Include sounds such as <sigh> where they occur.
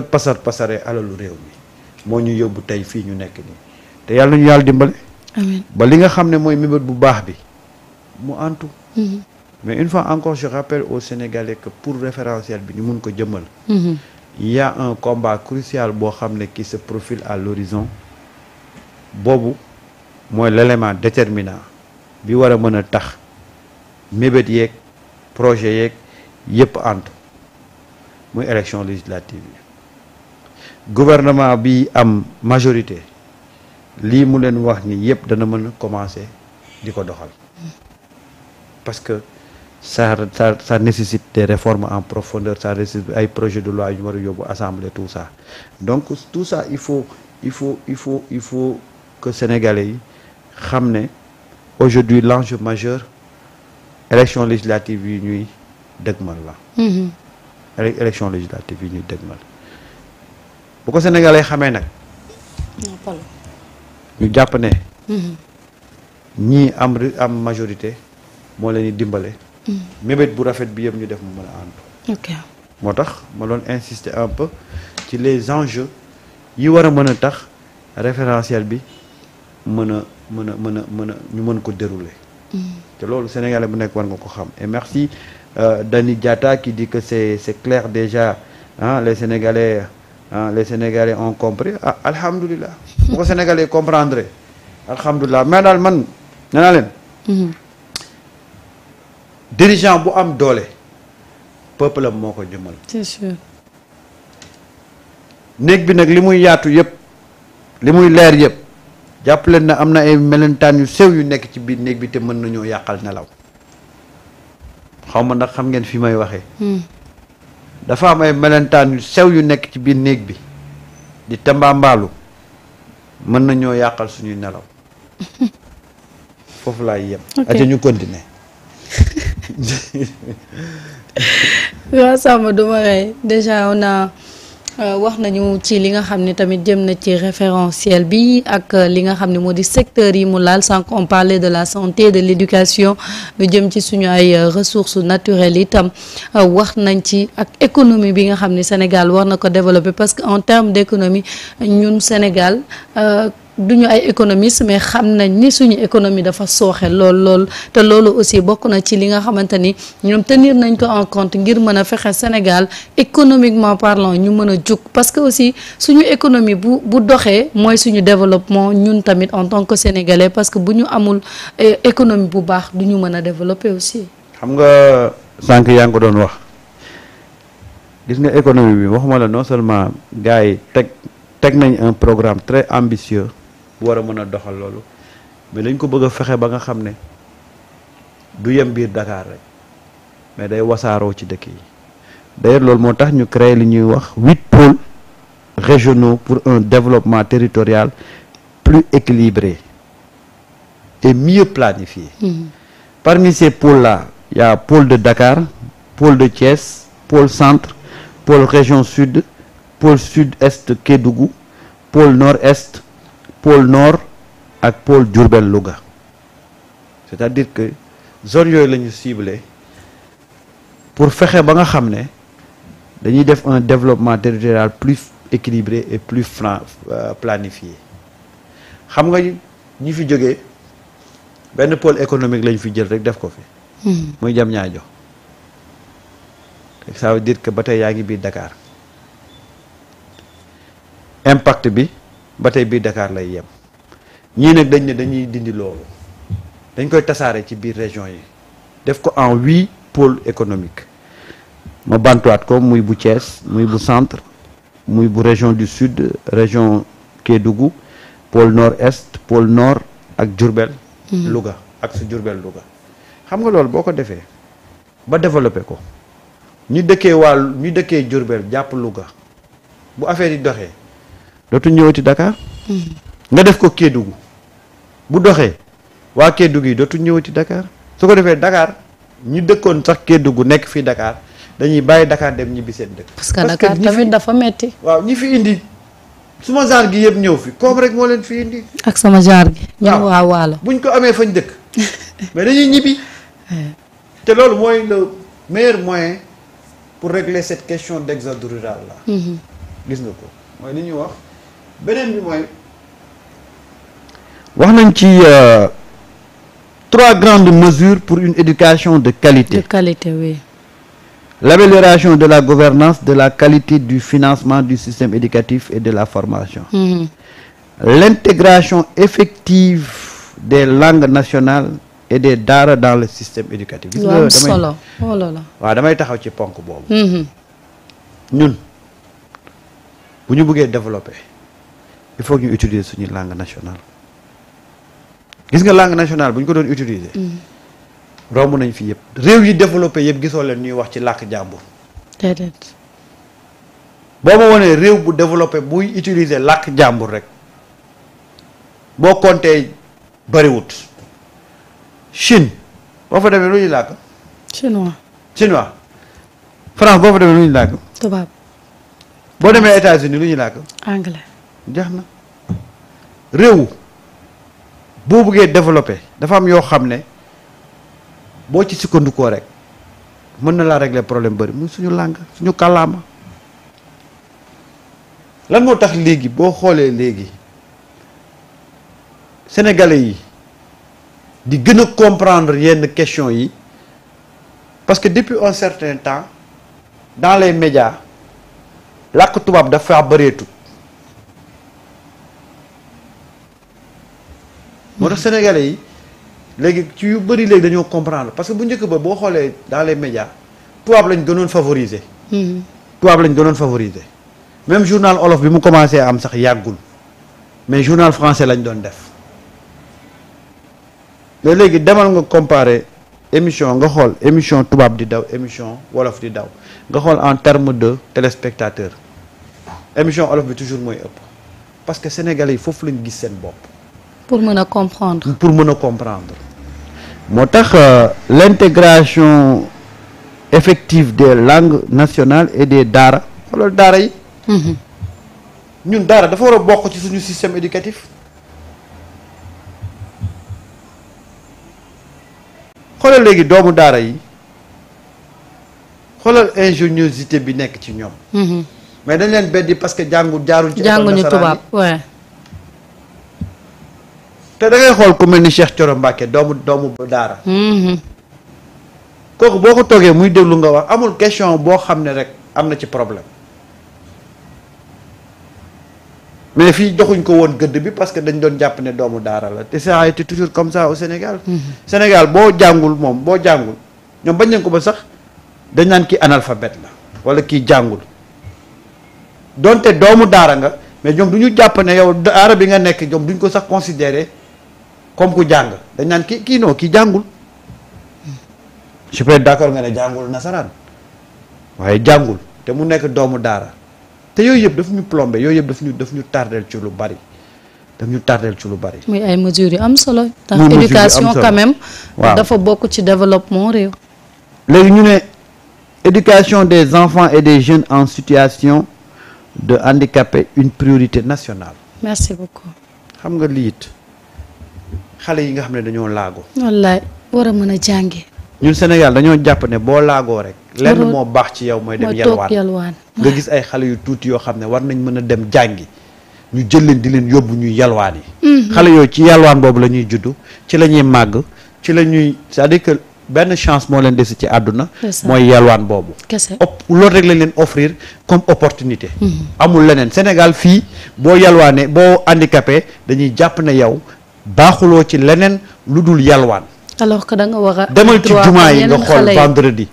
pasar pasare alalu réew mi moo ñu yóbbu tey fii ñu nekk nii te yàlla nañu yàlla dimbale ba li nga xam ne mooy mébét bu baax bi mu antu mm-hmm. mais une fois encore je rappelle aux Sénégalais que pour référentiel bi ñu mun ko jëmmal mm-hmm. il un combat crucial boo xam ne qui se profile à l'horizon boobu mooy l'élément déterminant bi war a mën a tax mébét yeeg projet yeeg yëpp antu muy élection législative yi gouvernement bi am majorité lii mu leen wax nii yëpp dana mën a commencer di ko doxal parce que sa ça ça nécessite des réformes en profondeur ça nécessite ay projet de loi yu war a yóbbu tout ça donc tout ça il faut il faut il faut il faut que sénégalais yi xam ne aujourd'hui l'enjeu majeur élection législative yi ñuy dëgmal la mm-hmm. élection législative yi ñuy dëgmal bu ko sénégalais xamee nag ñu jàpp ne mm-hmm. ñii am am majorité moo leen di dimbale mm-hmm. mébét bu rafet bi yëpp ñu def mu mën a ànd moo tax ma doon insister un peu ci les enjeux yi war a mën a tax référentiel bi mën a mën a mën a mën a ñu mën ko dérouler mm-hmm. te loolu sénégalais bu nekk war nga ko xam et merci euh, Dani Diatta qui dit que c'est c'est clair déjà hein les sénégalais ah les sénégalais ont compris ah alhamdulilah. bu ko sénégalais comprendre alhamdulilah mais daal man nee leen. Mhm. dirigeant bu am doole. peuple am moo ko jëmal. néeg bi nag li muy yaatu yëpp li muy leer yëpp jàpp leen na am na ay melentaan yu sew yu nekk ci biir néeg bi te mën nañoo yàqal nelaw xaw ma ndax xam ngeen fi may waxee. Mhm. dafa am melentaan yu sew yu nekk ci biir néeg bi di tambaambaalu mën nañoo yàqal suñuy nelaw foofu laay yem. aca ñu continuer. <laughs> waaw Samba du rey déjà on Euh, wax nañu ci li nga xam ne tamit jëm na ci référentiel bi ak euh, li nga xam ne moo di secteur yi mu laal sans qu'on parle de la santé de l'éducation lu jëm ci suñu ay euh, ressources naturelles itam wax nañ ci ak économie bi nga xam ne Sénégal war na ko développer parce que en termes d'économie ñun Sénégal duñu ay économiste mais xam nañ ni suñu économie dafa sooxe lool lool te loolu aussi bokk na ci li nga xamante ni ñoom tenir nañ ko en compte ngir mën a fexe Sénégal économiquement parlant ñu mën a jug parce que aussi suñu économie bu bu doxee mooy suñu développement ñun tamit en tant que sénégalais parce que bu ñu amul eh, économie bu baax du ñu mën a développer aussi. xam nga sànq yaa ngi ko doon wax gis nga économie bi waxuma la non seulement gars yi teg teg nañ un programme très ambitieux. war a mën a doxal loolu mais lañ ko bëgg a fexe ba nga xam ne du yem biir Dakar rek mais day wasaaroo ci dëkk yi d'ailleurs loolu moo tax ñu créer li ñuy wax huit pôles régionaux pour un développement territorial plus équilibré et mieux planifié mmh. parmi ces pôles-là il y de Dakar pôle de Thiès pôle centre pôle région sud pôle sud-est Kédougou pôle nord-est pôle nord ak pôle Diourbel Louga c'est-à-dire que zone yooyu lañu ñu pour fexe ba nga xam ne dañuy def un développement territorial plus équilibré et plus franc euh, planifier xam nga ñi fi jóge benn pole économique lañu fi jël rek def ko fi hmm. muy jam ñaajo ça veut dire que ba tey yaa ngi biir Dakar impact bi ba tey biir dakaar lay yem ñii nag dañ ne dañuy dindi loolu dañ koy tasaare ci biir région yi def ko en huit pôles économique ma bantuwaat ko muy bu Thiès muy bu centre muy bu région du sud région Kédougou pôle nord est pôle nord ak Diourbel hmm. Louga ak su Diourbel Louga xam nga loolu boo ko defee ba développé ko ñu dëkkee wàllu ñu dëkkee Diourbel jàpp Louga bu affaire yi doxee dootuñ ñëwati Dakar. Mm-hmm. nga def ko Kédougou bu doxee waa Kédougou yi dootuñ ñëwati Dakar su ko defee dakaar ñu dëkkoon sax Kédougou nekk fii dakaar dañuy bàyyi dakaar dem ñibbi seen dëkk. parce que Dakar tamit dafa metti waaw ñi fi indi suma genre gi yëpp ñëw fi koom rek moo leen fi indi. ak sama genre gi. ñoom waa bu buñ ko amee fañ dëkk <laughs> mais dañuy ñibbi. te loolu mooy le meilleur moyen pour régler cette question d'exode rural la mm-hmm. gis nga ko mooy beneen bi mooy wax nañ ci euh, trois grandes mesures pour une éducation de qualité. de qualité l'amélioration de la gouvernance de la qualité du financement du système éducatif et de la formation. Mmh. l'intégration effective des langues nationales et des daara dans le système éducatif. gis nga oh damay taxaw ci ponk boobu. Mm-hmm. ñun bu il faut ñu utiliser suñu langue national gis nga langue national bu ñu ko doon utiliser mm. romb nañ fi yëpp réew yi développé yëpp gisoo leen ñuy wax ci làkk jàmbur déedéet boo ma wonee réew bu développé buy utiliser làkk jàmbur rek boo comptee bariwut Chine boo fa demee lu ñuy làkk France boo fa demee lu ñuy làkk boo demee États-Unis lu ñuy làkk jeex na réew boo buggee développé dafa am yoo xam ne boo ci sukkandikoo rek mën na laa régler problème bari muy suñu làng suñu kàllaama lan moo tax léegi boo xoolee léegi sénégalais yi di gën a comprendre yenn question yi parce que depuis un certain temps dans les médias làkk tubaab dafa bëreetu moo tax sénégalais yi léegi ci yu bëri léegi dañoo comprendre parce que bu njëkk ba boo xoolee dans les médias tubaab lañ gënoon favoriser. Hmm. tubaab lañ gënoon favoriser. même journal olof bi mu commencer am sax yàggul mais journal français lañ doon def mais léegi demal nga comparer émission nga xool émission tubaab di daw émission wolof di daw nga xool en terme de téléspectateur émission olof bi toujours mooy ëpp parce que sénégalais yi foofu lañ gis seen bopp. pour mën a comprendre pour mën a comprendre moo tax euh, l'intégration effective des langues nationales et des daara xoolal daara yi mhm. ñun daara dafa war a bokk ci suñu système éducatif xoolal léegi doomu daara yi xoolal ingéniosité bi nekk ci ñoom mhm. mais dañ leen beddi parce que jàngu jaarul ci jànguñu tubaab te da xool ku mel ni Cheikh Thioro Mbacke doomu doomu daara. Mm-hmm. kooku boo ko toogee muy déglu nga wax amul question boo xam ne rek am na ci problème mais fii joxuñ ko woon gëdd bi parce que dañ doon jàpp ne doomu daara la te ça a été toujours comme sa au Sénégal. Mm-hmm. Sénégal boo jàngul moom boo jàngul ñoom bañ nañ ko ba sax dañ naan kii analphabète la wala kii jàngul donte doomu daara nga mais ñoom duñu jàpp ne yow daara bi nga nekk ñoom duñ ko sax considéré. comme ku jàng dañ naan kii kii noo kii jàngul je peux être d'accord nga ne jàngul nasaraan waaye jàngul te mu nekk doomu daara te yooyu yëpp daf ñu plombé yooyu yëpp daf ñu daf ñu tardeel ci lu bari daf ñu tardeel ci lu bari. muy ay mesures yu am solo. tax éducation quand même. waaw dafa bokk ci développement léegi ñu ne éducation des enfants et des jeunes en situation de handicapé une priorité nationale. xam nga lii xale yi nga xam ne dañoo laago. wallaay war a mën a jànge. ñun Sénégal dañoo jàpp ne boo laagoo rek. lenn moo baax ci yow mooy dem yalwaan nga gis ay xale yu tuuti yoo xam ne war nañ mën a dem jàngi. ñu jël leen di leen yóbbu ñuy yalwaan yi. Mhm. xale yooyu ci yalwaan boobu lañuy juddu ci la ñuy màgg ci la ñuy cest à que benn chance moo leen desi ci àdduna. mooy yalwaan boobu. kese loolu rek lañ leen offrir comme opportunité. Mhm. amul leneen Sénégal fii boo yalwaanee boo handicapé dañuy jàpp ne yow baaxuloo ci leneen lu dul yalwaan alors que da nga war a demal ci jumaa yi nga xool vendredi